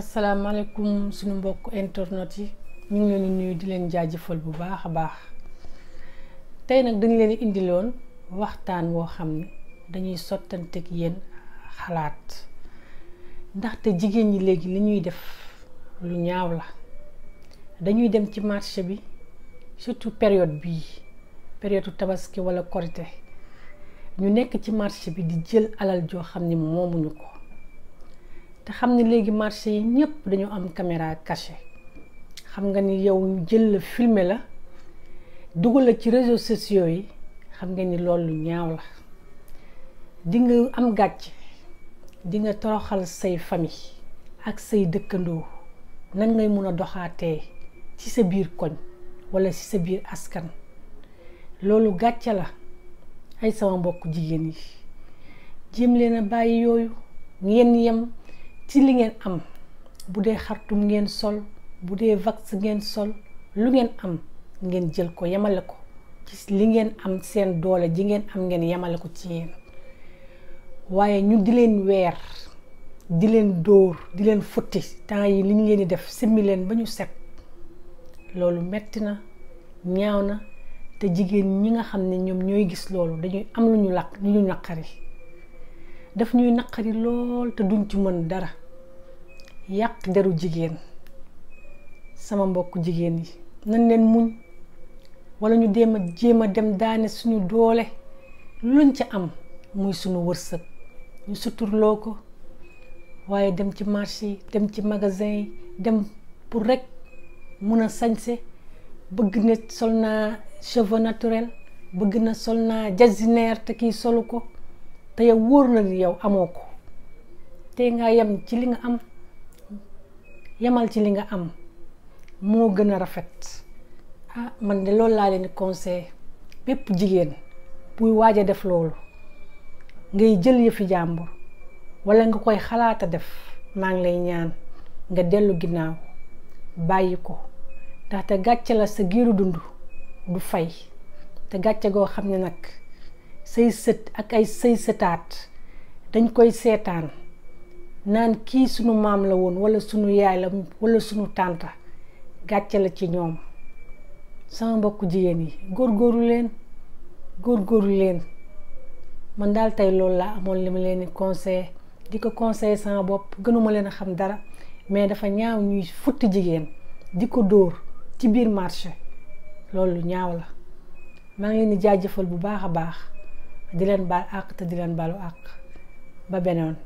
asalaamaaleykum suñu mbokk internet yi ñu ngi leen di nuyu di leen jaajëfal bu baax a baax tey nag dañu leen indiloon waxtaan woo xam ne dañuy sottanteeg yéen xalaat ndaxte jigéen ñi léegi li ñuy def lu ñaaw la dañuy dem ci marché bi surtout période bii période tabaski wala korite ñu nekk ci marché bi di jël alal joo xam ne moomuñu ko. te xam ne léegi marché yi ñëpp dañu am caméra cachée xam nga ni yow ñu jël la filmer la dugal la ci réseaux sociaux yi xam nga ni loolu ñaaw la di nga am gàcc dinga toroxal say famille ak say dëkkandoo nan ngay mun a doxaatee ci sa biir koñ walla ci sa biir askan loolu gàcce la ay sama mbokk jigéen yi jéem leen bàyyi yooyu ngeen yem ci li ngeen am bu dee xartum ngeen sol bu dee vax ngeen sol lu ngeen am ngeen jël ko yemale ko ci li ngeen am seen doole ji ngeen am ngeen yemale ko ci yéen waaye ñu di leen weer di leen dóor di leen futti temps yi li ngeen di def simmi ba ñu set loolu metti na ñaaw na te jigéen ñi nga xam ne ñoom ñooy gis loolu dañuy am lu ñu lakk lu ñu naqari daf ñuy naqari lool te duñ ci mën dara yàq deru jigéen sama mbokk jigéen yi nañ leen muñ wala ñu dem a jéem a dem daane suñu doole lu luñ ci am muy suñu wërsëg ñu suturloo ko waaye dem ci marché yi dem ci magasin yi dem pour rek mun a sañse bëgg na sol naa cheveux naturel bëgg na sol naa jasineer te kii solu ko te yow wóor na ni yow amoo ko te nga yem ci li nga am yemal ci li nga am moo gën a rafet ah man de loolu laa leen di conseil bépp jigéen buy waaj a def loolu ngay jël yëfi jàmbur wala nga koy xalaata def maa ngi lay ñaan nga dellu ginnaaw bàyyi ko ndaxte gàcce la sa giiru dund du fay te gàcce goo xam ne nag say sët ak ay say sëtaat dañ koy seetaan naan kii sunu maam la woon wala sunu yaay la wala sunu tànta gàcce la ci ñoom sama mbokku jigéen yi góorgóorlu leen góorgóorlu leen man daal tey loolu la amoon li ma leen di conseillé di ko conseillé sama bopp gënuma leen a xam dara mais dafa ñaaw ñuy futti jigéen di ko dóor ci biir marché loolu ñaaw la maa ngi leen di jaajëfal bu baax a baax di leen baal àq te di leen baalu àq ba beneen